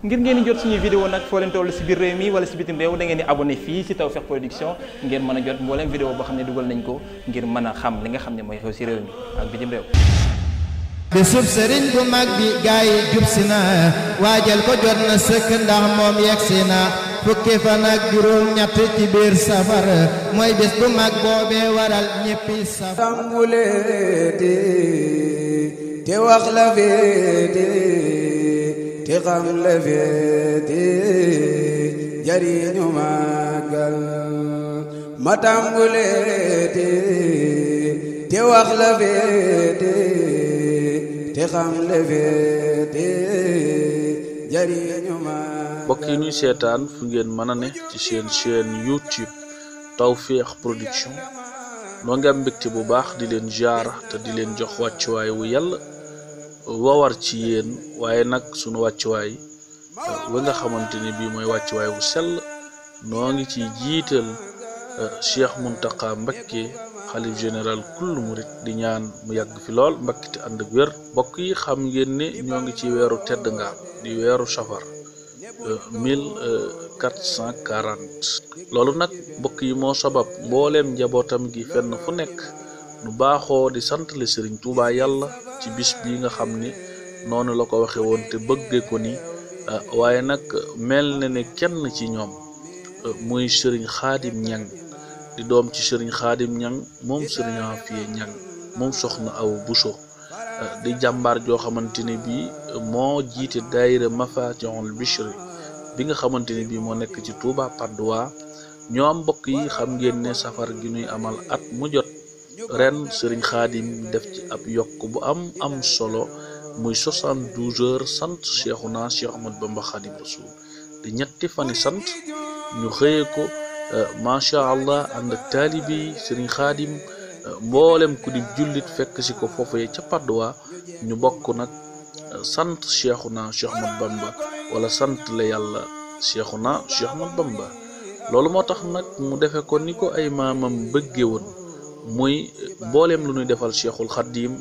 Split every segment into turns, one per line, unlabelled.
ngir ngeen jot suñuy vidéo nag foo leen toll si biir réew mi wala si bitim réew da ngeen di abonné fii si Tawfekh Production ngeen mën a jot mbooleem vidéo boo xam ne dugal nañ ko ngir mën a xam li nga xam ne mooy xew si réew mi ak bitim réew bi suuf bu mag bi gaa yi jub si na waajal ko jot na sëkk ndax moom yegg na fukki fan ak juróom ñett ci biir safar mooy bés bu mag boobee waral ñéppi safar tàmmuleeti te wax la féete ki xam la féete jariñu màggal ma tàmbuleete te wax la féete te xam la féete jariñu
yi ñuy seetaan fu ngeen mën a ne ci seen chaîne YouTube Tawfekh Production noo ngi am bu baax di leen jaara te di leen jox wàccuwaay wu yàlla wawar ci yéen waaye nag sunu wàccuwaay wa nga xamante ni bii mooy wàccuwaay bu sell noo ngi ci jiital euh, Cheikh Muntaqa Mbakke xalif général kull murit di ñaan mu yàgg fi lool Mbakke ànd ak wér mbokk yi xam ngeen ne ñoo ngi ci weeru tedd nga di weeru safar 1440 euh, euh, loolu nag mbokk yi moo sabab mbooleem njabootam gi fenn fu nekk nu baaxoo di santale Sëriñ Tuubaa yàlla ci bis bi nga xam ni noonu la ko waxee woon te bëggee ko ni euh, waaye nag mel na ne kenn ci ñoom euh, muy sëriñ xaadim ñang di doom ci sëriñ xaadim ñang moom sëriñ Afiye ñang moom soxna aw Buso euh, di jàmbaar joo xamante ne bii moo jiite daayira Mafatihul Bichri bi nga xamante ne bii moo nekk ci Touba Padoa ñoom mbokk yi xam ngeen ne safar gi ñuy amal at mu jot ren sëriñ xaadim def ci ab yokk bu am am solo muy 72 heures sant Cheikhouna Cheikh Ahmad Bamba Xaadim Rasul di ñetti fani sant ñu xëyee ko euh, macha allah ànd ak taalibe yi sëriñ xaadim euh, mboolem ku di jullit fekk si ko foofu yi ca Padoa ñu bokk nag euh, sant Cheikhouna Cheikh Ahmad Bamba wala sant la yàlla Cheikhouna Cheikh Ahmad Bamba loolu moo tax nag mu defe ko ni ko ay maamam bëgge woon muy booleem lu ñuy defal cheikhul xadim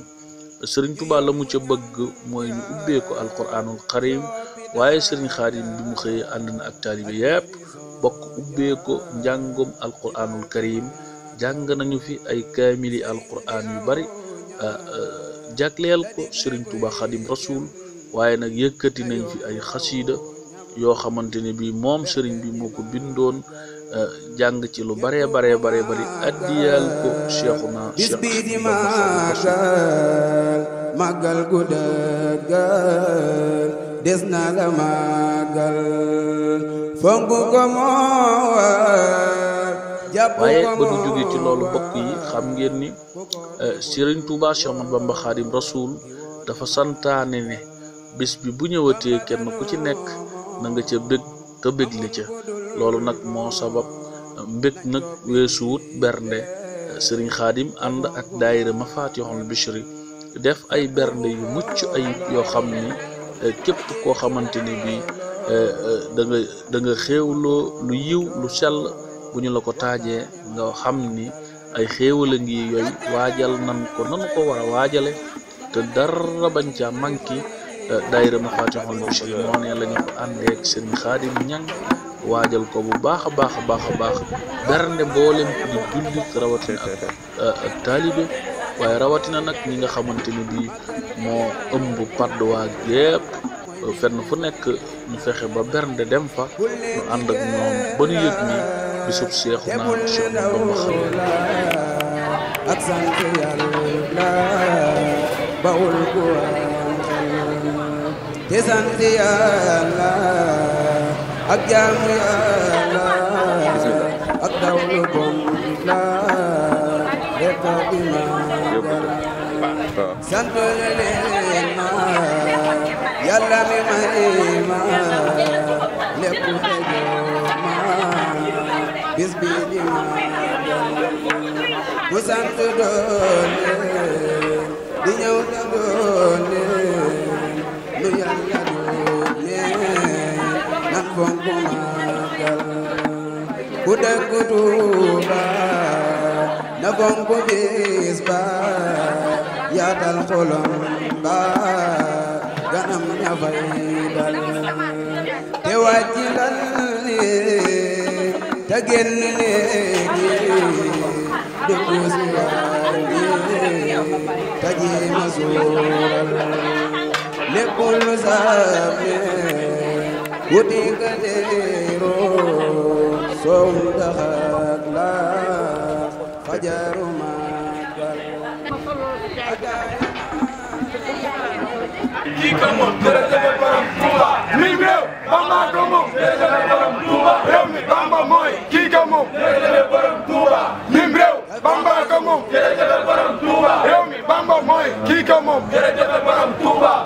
sëriñ Tuubaa la mu ca bëgg mooy ñu ubbee ko alquranul karim waaye sëriñ xadim bi mu xëyee ànd na ak taalibe yépp bokk ubbee ko njàngum alquranul karim jàng nañu fi ay kaamili alquran yu bari jagleel ko sëriñ Tuubaa xadim rasul waaye nag yëkkati nañ fi ay xasiida yoo xamante ne bii moom sëriñ bi moo ko bindoon jàng ci lu bare bare bare bari addiyal ko cheikhuna cheikh waaye ba ñu jóge ci loolu bokk yi xam ngeen ni eh, Serigne Touba Cheikh Ahmadou Bamba dafa santaane ne bis bi bu ñëwatee kenn ku ci nekk na nga ca bég te bégle ca loolu nag moo sabab mbég nag weesu bernde sëriñ xaadim ànd ak dayre daayira mafatihul bichri def ay bernde yu mucc ayib yoo xam ni képp koo xamante ni bii eh, eh, da nga da nga lu yiw lu sel bu ñu la ko taajee nga xam ni ay xéewal a ngi yooyu waajal nan ko nanu ko waa waajale te dara bañ caa manki eh, daayira mafatihul bichri moo ne la ñu ko àndeek sëriñ xaadim ñang waajal ko bu baax a baax a baax a baax bernde mboolem di jullit rawatina euh, ak taalibe waaye rawatina nag ñi nga xamante ni bii moo ëmb padd waa gépp fenn fu nekk ñu fexe ba bernde dem fa ñu ànd ak ñoom ba ñu yëg ni bisub seexu naa
Cheikh Bamba Xaadimu Rasuul te sant yàlla ak jaamu Yàlla
ak dawlu bon la reto di magal sant leen ma Yàlla mi may ma
lépp xëjoo ma bis bi di magal bu sant doole ñëw doole lu Yàlla fonk màggal ku dëkk Tuuba na fonk bis ba yaatal xolom ba ganam ña fay dal te wàcci lal ni te génn léegi dëkku si waay ni te jéema suural lépp lu sax wuti ka teeroo soo ndaxak la fajaru magal kii ka moom dara jafe borom Touba mi réew Bamba ko moom dara jafe borom Touba réew mi Bamba mooy kii ka moom dara jafe borom Touba mi réew Bamba ko moom dara jafe borom Touba réew mi Bamba mooy kii ka moom dara jafe borom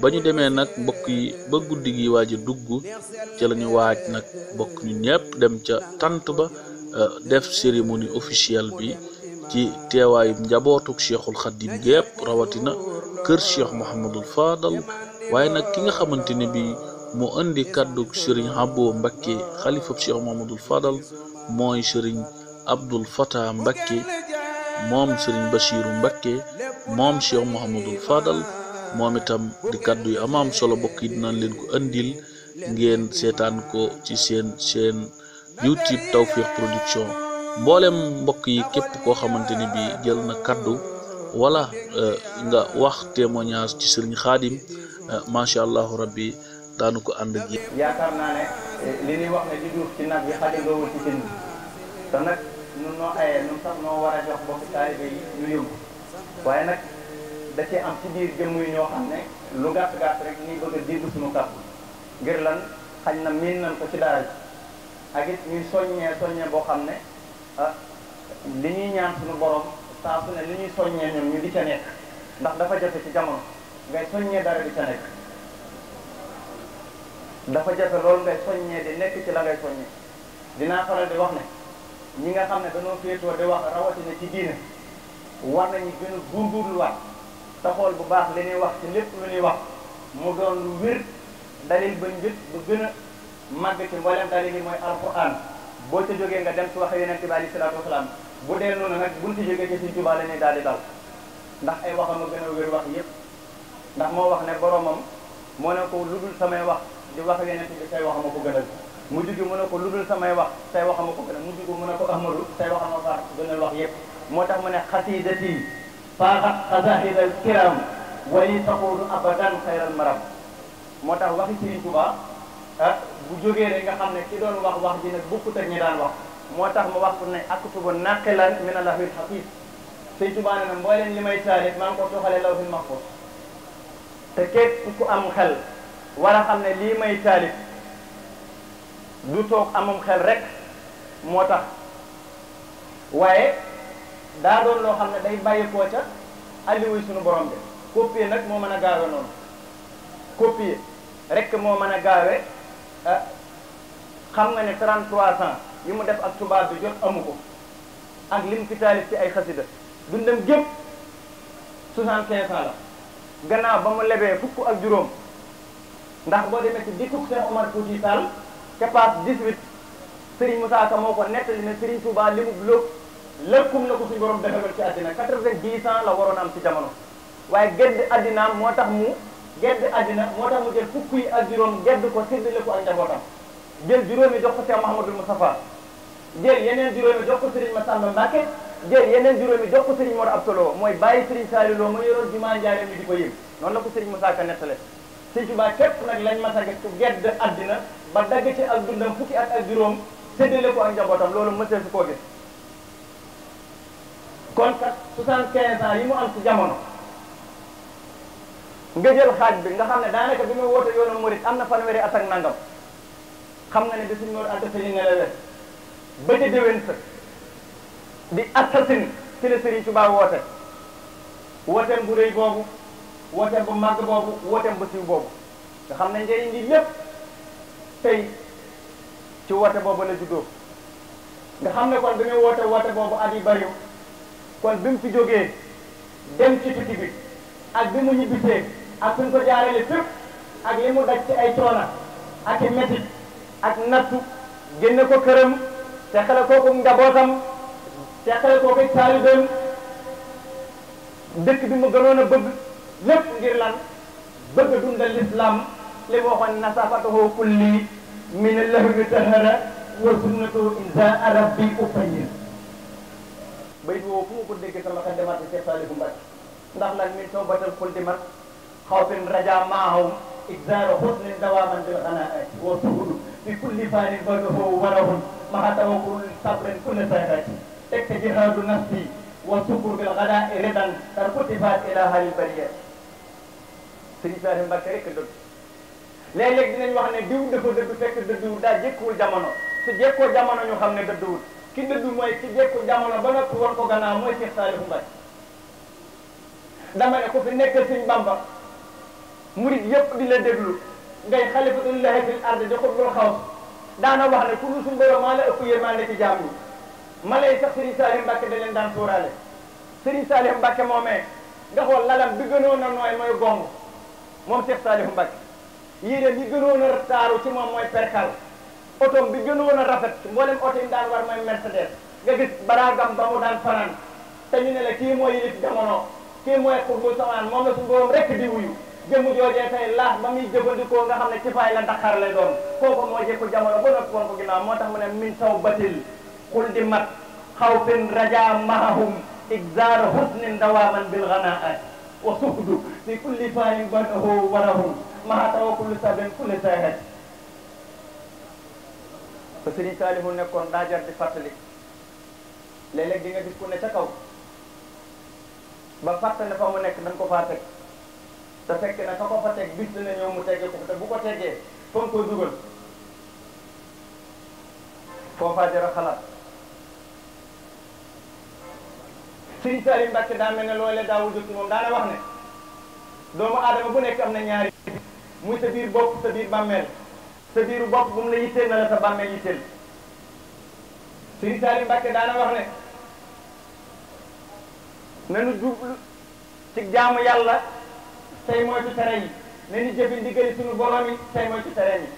ba ñu demee nag mbokk yi ba guddi gi waaj a dugg ca la waaj nag mbokk ñu ñëpp dem ca tànt ba euh, def cérémonie officielle bi ci teewaayu njabootuk cheikhul xadim gépp rawatina kër cheikh Mouhamadul Fadal waaye nag ki nga xamante ne bi moo indi kàdduk sëriñ Abo Mbakke xalifab cheikh Mouhamadul Fadal mooy sëriñ Abdul Fatah Mbakke moom sëriñ Bachiru Mbakke moom cheikh Mouhamadul Fadal moom itam di kaddu yu am solo mbokk yi dinañ leen ko andil ngeen seetaan ko ci seen seen YouTube Tawfekh Production mboolem mbokk yi képp koo xamante ni bii jël na kaddu wala eh, nga wax témoignage ci Sëriñ Xaadim eh, macha allah rabbi daanu ko ànd ak
yaakaar naa ne eh, li ñuy wax ne di duuf ci nag yi Xaadim nga wut ci seen te nag ñun noo ayee ñun sax noo war a mbokk taalibe yi ñu yëngu da cee am ci biir jëmm ñoo xam ne lu gàtt gàtt rek suñu kàddu ngir lan xañ na miin nañ ko ci daara ji ak boo xam ne ah, li ñuy ñaan suñu borom saa ñuy soññee ñu di ca ndax dafa jafe ci jamono ngay dara di dafa jafe loolu ngay soññee di nekk ci la ngay soññee dinaa faral di wax ne ñi nga xam ne dañoo féetoo di wax rawatina ci diine war nañu gën a góorgóorluwaat te xool bu baax li ñuy wax ci lépp lu ñuy wax mu doon lu wér dalil ba njët bu gën a màgg ci mboolem dalil yi mooy alquran boo ca jógee nga dem ci wax yonente bi alayhi salaatu wasalaam bu dee noonu nag buñ ci jógee ci Sëriñ Tuubaa la daal di dal ndax ay wax a gën a wér wax yépp ndax moo wax ne boromam moo ne ko lu dul samay wax di wax yonente bi say waxama ko gënal mu jugi mu ne ko lu dul samay wax say waxama ko gënal mu jugi mu ko ahmadu say waxama far gënal wax yépp moo tax mu ne xasiidati faaxa xazahil al kiram wali taxoolu abadan xayral maram moo tax waxi Serigne Touba ah bu jógee rek nga xam ne ki doon wax wax ji nag bokkut ak ñi daan wax moo tax mu wax ne aktubu naqilan min allahil xafiif Serigne Touba ne na mbooleen li may taalif maa ngi ko toxalee lawhil mahfuus te képp ku am xel war a xam ne lii may taalif du toog amum xel rek moo tax waaye daa doon loo xam ne day bàyyikoo ca alliwuy suñu borom bi copier nag moo mën a gaawe noonu copier rek moo mën a gaawe ah, xam nga ne 33 ans yi mu def ak tubaab bi jot amu ko ak lim fi taalif ci ay xasida dundam gépp 75 ans la gannaaw ba mu lebee fukk ak juróom ndax boo demee ci dikkug Cheikh Omar Fouti Sall ca passe 18 Serigne Moussa Ka moo ko nettali ne Serigne Touba li mu lëkkum la ko suñu borom defal ci àddina quatre-vingt-dix ans la waroon am ci jamono waaye gedd àddinaam moo tax mu gedd addina moo tax mu fukk ak juróom gedd ko séddale ko ak njabootam jël juróomi jox ko Cheikh Mouhamadul Moustapha yeneen juróomi jox ko Serigne Massamba Mbacke jël yeneen juróomi jox ko mooy bàyyi Serigne Saliou Lo mu yoroon jumaa Njaareem la ko Serigne Moussa Ka nettale Serigne a gedd àddina ba dagg ci ak dundam fukki at ak juróom séddale ko ak njabootam loolu mësee su koo gis kon kat 75 ans yi mu am ci jamono nga jël xaaj bi nga xam ne daanaka bi mu woote yoonu murit am na fanweeri at ak nangam xam nga ne bi suñu Mor Anta Sali nelawee ba ca déwén sa di assasin ci la Serigne Touba woote wooteem bu rëy boobu wooteem bu màgg boobu wooteem bu siiw boobu nga xam ne njëriñ li lépp tey ci woote boobu la juddoo nga xam ne kon bi muy woote woote boobu at bariw kon bi mu fi jógee dem ci tukki bi ak bi mu ñibbisee ak fi ko jaarale fépp ak li mu daj ci ay coona ak i métit ak nattu génne ko këram teqale kooku njabootam teqale kooku taalibeem dëkk bi mu gënoon bëgg lépp ngir lan bëgg dundal lislaam li mu waxoon nasafatahu kulli min allahwi tahara wa sunnatu isa rabbi ufayyir bay bi woo fu ma ko déggee sama xel a ci Cheikh Saliou Mbacké ndax nag min soo batal xulti mat xaw fin raja maahum igzaro xusnin dawaman bil xanaati wa suhudu fi kulli fanin fagahu warahun maha tawakkul sabrin kulle sayrati teg te jihaadu nafsi wa sukur bil xada i ridan tar kutifaat ila halil bariya sëriñ Saliou Mbacké rek dëgg léeg-léeg dinañ wax ne diw dafa a fekk dëdduwul daa jékkuwul jamono su jekkoo jamono ñu xam ne dëdduwul ki dëddu mooy ki jekku jamono ba noppi woon ko gannaaw mooy Cheikh Saliou Mbaye dama ne ko fi nekkal Sëñ Bamba murid yëpp di la déglu ngay xalifatullahi fil ardi di xutbul xaws daana wax ne ku nu suñu borom maa la ëpp yërmande ci jaam yi ma lay sax Serigne Saliou Mbacké da leen daan sóoraale Serigne Saliou Mbacké moomee nga lalam bi gënoon a nooy mooy gong moom Cheikh Saliou Mbacké yéen yi gënoon a taaru ci moom mooy perkal oto bi gën woon a rafet mboolem oto yi daan war mooy Mercedes nga gis baraagam ba mu daan fanaan te ñu ne la kii mooy yilif jamono kii mooy xutbu samaan moom la suñu borom rek di wuyu jëmm joojee tey laas ba muy jëfandikoo nga xam ne ci faay la Dakar lay doon kooku moo jëkku jamono ba noppi woon ko ginnaaw moo tax mu ne min saw batil xul di mat xawfin raja mahahum igzaara husnin dawaaman bil ghanaa wa suhdu fi kulli faayin banahu warahum maha tawakkulu sabin kulli sahat fa Sëriñ Saalihu nekkoon daa jar di fàttali léeg-léeg di nga gis ku ne ca kaw ba fàttali fa mu nekk dañ ko faa teg te fekk na ka ko fa teg bis dina ñëw mu teggee ko te bu ko teggee fa mu ko dugal foofaa jar a xalaat Sëriñ Saalihu Mbàkke daa mel ne loolee daawul jot moom daana wax ne doomu aadama bu nekk am na ñaari muy sa biir bopp sa biir bàmmeel sa biiru bopp bu mu la yitteel na la sa bàmmeel yitteel Sëriñ Saali Mbàkke daana wax ne nanu jublu ci jaamu yàlla tey mooy ci yi nanu jëfi ndigali suñu borom yi tey mooy ci tere yi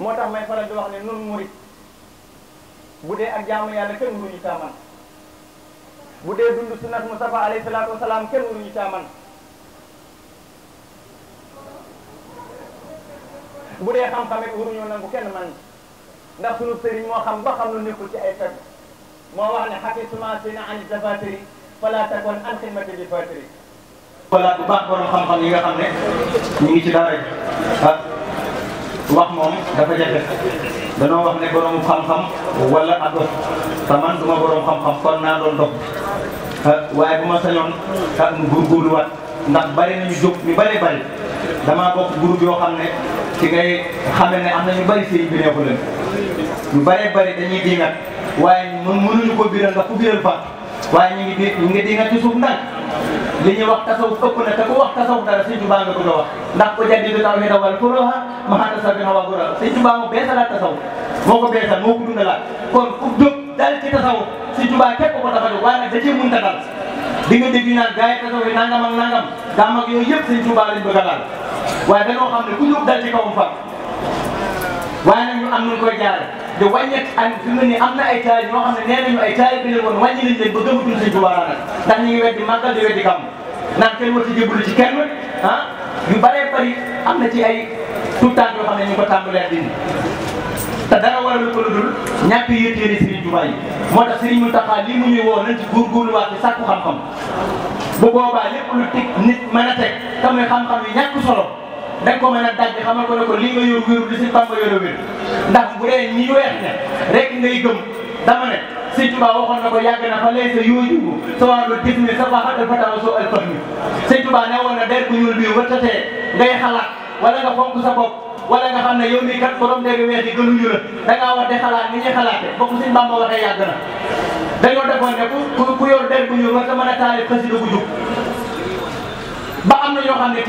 moo tax may faral di wax ne nun murit bu dee ak jaamu yàlla kenn mënuñu caa man bu dee dund sunnas Mustafa alayhi salaatu wasalaam kenn mënuñu caa man bu dee xam-xam it waruñoo nangu kenn man ndax sunu sëriñ moo xam ba xam lu nekkul ci ay fekk moo wax ne xafisuma sina an zafatiri fala takon an xidmati bi fatiri wala bu baax borom xam-xam yi nga xam ne ñu ngi ci dara ah wax moom dafa jafe danoo wax ne borom xam-xam wala a dof te man duma borom xam-xam kon naa doon dox ah, waaye bu ma sañoon ah mu góorgóorluwaat ndax bari nañu jóg ñu bari bari damaa bokk groupe yoo xam ne ci ngay xamee ne am na ñu bëri sëriñ bi neexu leen ñu bëree bëri dañuy diingat waaye mën mënuñu ko biral ndax ku biral fa waaye ñu ngi di ñu ngi diingat ci wax tasaw ëpp na te ku wax tasaw dara sëriñ Tuubaa nga a wa gora sëriñ Tuubaa moo beesalaat tasaw moo ko beesal moo ko dundalaat kon ku jóg daal ci tasaw sëriñ Tuubaa képp ko tax a jóg waaye nag da cee mën ta dal di nga dégg naan gars yi tasaw yi nangam nangam daam yooyu yëpp sëriñ Tuubaa lañ bëgg a waaye dañoo xam ne ku ñëw dal ci kawam fa waaye nag ñu am nu koy jaare di wàññeeku ak fi mu ne am na ay taal ñoo xam ne nee nañu ay taal bi la woon wàññi nañ leen ba gëmatuñ Sëñ Tuubaa nag ndax ñu ngi di weddi gàmm naan kenn war ci jébbalu ci kenn ah yu bëree bëri am na ci ay tout temps yoo xam ne ñu ngi ko tàmbalee dindi te dara waral ko lu dul ñàkk yéen yéen Sëriñ Tuubaa yi moo tax Sëriñ Mountakha lii mu ñuy woo nañ ci góorgóorluwaat ci sàkku xam-xam bu boobaa lépp lu teg nit a teg te muy xam-xam yi ñàkk solo da nga ko mën a daj xamal ko ne ko li nga yor wéeru li si Bamba yor wéeru ndax bu dee nii weex ne rek ngay gëm dama ne Sëñ Tuubaa waxoon na ko yàgg na fa lay sa yoojubu sa wàllu gis ni sa baaxal fatawa na der bu ñuul bi wëttatee ngay da ngaa war di xalaat ni ñuy xalaatee bokk Sëñ na dañoo defoon ne a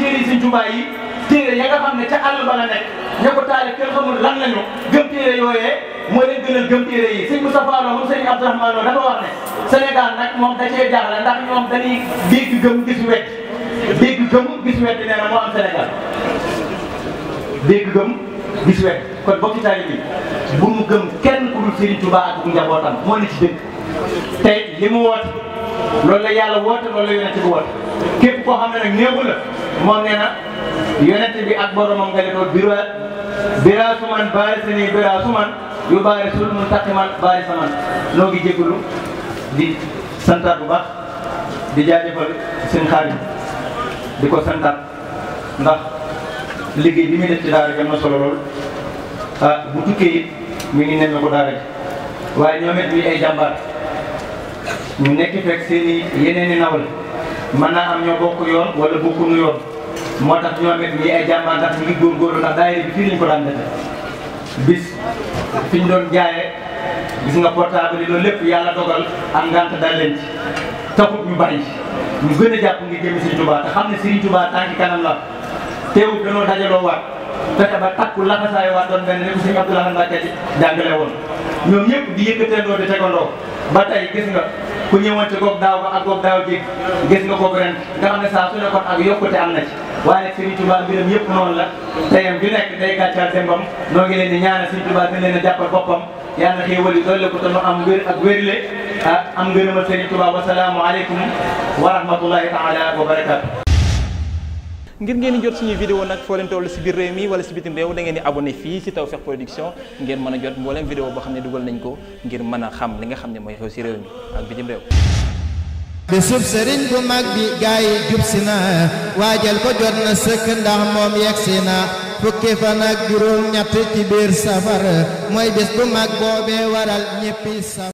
yi téere ya nga xam ne ca àll ba la nekk ña ko taale kenn xamul lan lañu gëm téere yooyee moo leen gënal gëm téere yi sëñ Moussa Fallou moom sëñ Abdourahmane wax ne Sénégal nag moom da cee jaaxle ndax ñoom dañuy dégg gëm gis wet dégg gëm gis wet nee na moo am Sénégal dégg gëm gis wet kon bokki taali bi bu mu gëm kenn ku dul Serigne Touba ak bu njabootam moo ne ci dëgg tey li mu woote loolu la yàlla woote loolu la yonent bi képp koo xam ne nag néewu la yonent bi ak boromam nga ne ko bira bira suman baari sa nii bira suman yu baari sul mun taqiman baari saman noo ngi jégalu di santaat bu baax di jaajëfal seen xaalis di ko santaat ndax liggéey bi muy def ci daara ji na solo lool ah bu tukkee it mi ngi nemme ko daara ji waaye ñoom it ñuy ay jàmbaar ñu nekk fekk seen yeneen i nawle mën naa am ñoo bokk yoon wala bokkuñu yoon. moo tax ñoom it ñii ay jàmbaar ndax ñu ngi góorgóorlu ndax daayira bi fii lañ ko daan defee bis fi doon jaayee gis nga portable yi loolu lépp yàlla dogal ak ngant dal leen ci taxut ñu bari ñu gën a jàpp ngir jëm Serigne Touba te xam ba takku laxasaay waat doon benn lépp Serigne Abdoulaye Mbacke ci jàngale woon ñoom ñëpp di yëkkateendoo di tegandoo ba tey gis nga ku ñëwante goog daaw ba ak goog daaw jéeg gis nga kooku ren nga xam ne saa su nekkoon ak yokkute am na ci waaye nag Serigne Touba mbiram yëpp noonu la teyam ju nekk day gàccal sembam noo ngi leen di ñaanal Serigne Touba gën leen a jàppal boppam yàlla xéewal yi doole am wér ak wérle am ngërëmal Serigne Touba wasalaamu aleykum wa rahmatullahi taala wa barakaatu. ngir ngeen di jot suñuy vidéo nag foo leen toll si biir réew mi wala si bitim réew da ngeen di abonné fii si Tawfekh Production ngeen mën a jot mbooleem vidéo boo xam ne dugal nañ ko ngir mën a xam li nga xam ne mooy xew si réew mi ak bitim réew bisub sëriñ bu mag bi gaay yi jub si na waajal ko jot na sëkk ndax moom yegsi na fukki fan ak juróom ñett ci biir safar mooy bis bu mag boobee waral ñéppi safar